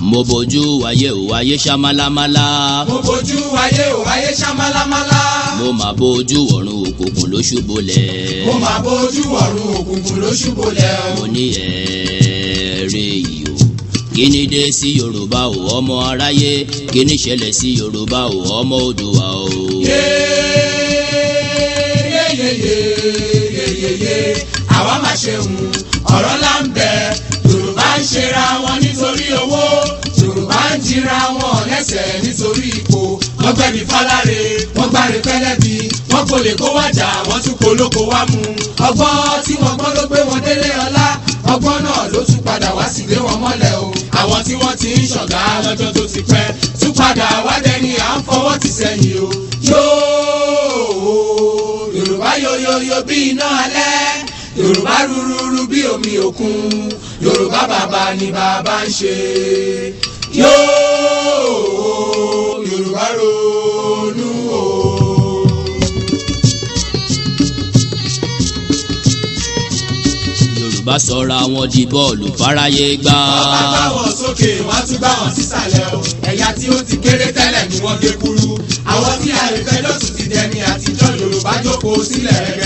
mo bójú wáyé o wáyé ṣamálámálá. mo bójú wáyé o wáyé ṣamálámálá. mo máa bójú ọ̀run òkùnkùn ló ṣubúlẹ̀. mo máa bójú ọ̀run òkùnkùn ló ṣubúlẹ̀. mo ní ẹ̀ẹ́rẹ́ yìí o kíni dé sí Yorùbá o ọmọ aráyé kíni ṣẹlẹ̀ sí Yorùbá o ọmọ Oòduà o. yéé dira wọn lẹ́sẹ̀ nítorí ipò wọ́n gbẹ̀bí fáláre wọ́n gbáre pẹ́lẹ́bí wọ́n kò lè kó wájà wọ́n tún polóko wá mu. ọgbọ́n tí wọ́n gbọ́n ló gbé wọn délé ọlá ọgbọ́n náà ló tún padà wá sílé wọn mọ́lẹ̀ o àwọn tí wọ́n ti ń ṣọ̀gá lọ́jọ́ tó ti pẹ́ tún padà wá dẹni à ń fọwọ́ ti sẹ́yìn o. yóò yorùbá yoyoyo bí iná alẹ́ yorùbá rúrúrú bí omi òkun yorùbá bàbá ni bàbá ń ṣe yóò. bá sọra wọn di bọ́ọ̀lù fáráyé gbá. bàbá bá wọn sókè wọn tún bá wọn sísàlẹ̀ o ẹ̀yà tí ó ti kéré tẹ́lẹ̀ ni wọ́n gé kúrú àwọn tí àìfẹ́ lọ́sùn ti dẹni àtijọ́ Yorùbá jókòó sílẹ̀ rẹ̀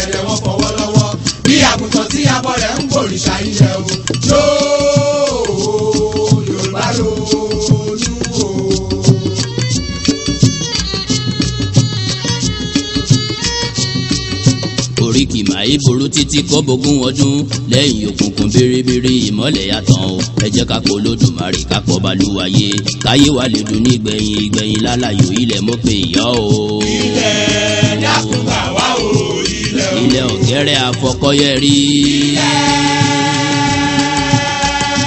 oríkì máa ń ború títí kọ́bọ̀gún ọdún lẹ́yìn òkùnkùn biribiri ìmọ́lẹ̀ yàtọ̀ o ẹ jẹ́ ká pọ̀ lódùmarè ká pọ̀ balùwàyè káyé wa lè dùn ní ìgbẹ̀yìn ìgbẹ̀yìn lálàyò ilẹ̀ mọ́ pé ìyá o. ilẹ̀ dákúgbà wá o ilẹ̀ o. ilẹ̀ ọ̀gẹ́rẹ́ afọkọ́yẹ rí. ilẹ̀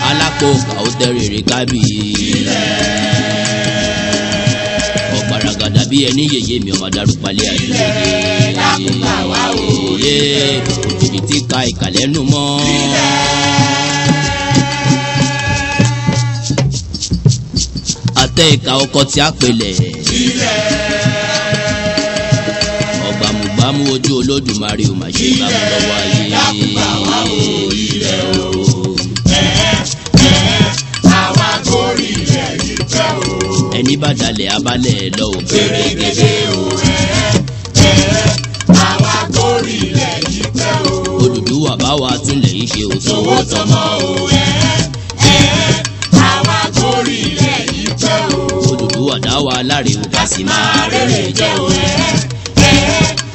alákòókà ó tẹ́ rèrè ilẹ̀ dàbí ẹni yèyé mi ọmọ darúgbálẹ̀ àdúgbò. ilẹ̀ lákùnkà wá òye. òjìbìtì ka ìkàlẹ́ nù mọ́. àtẹ ìka ọkọ tí a pèlè. ọgbàmùgbàmù ojú olódùmarè ò mà ṣe gbàmù lọ́wọ́ ayé. ilẹ̀ lákùnkà wá òye. ẹni bá dalẹ̀ abalẹ̀ lọ o. fèrègèdè o ẹ̀ẹ́ ẹ̀ẹ́ àwa kórì ilẹ̀ yìí pẹ́ o. Odùduwà bá wa túnlẹ̀ yìí ṣe o. tòwó tọmọ o ẹ̀ẹ́ ẹ̀ẹ́ àwa kórì ilẹ̀ yìí pẹ́ o. Odùduwà dá wa láre o. ká sì máa rere jẹ́ o ẹ̀ẹ́ ẹ̀ẹ́.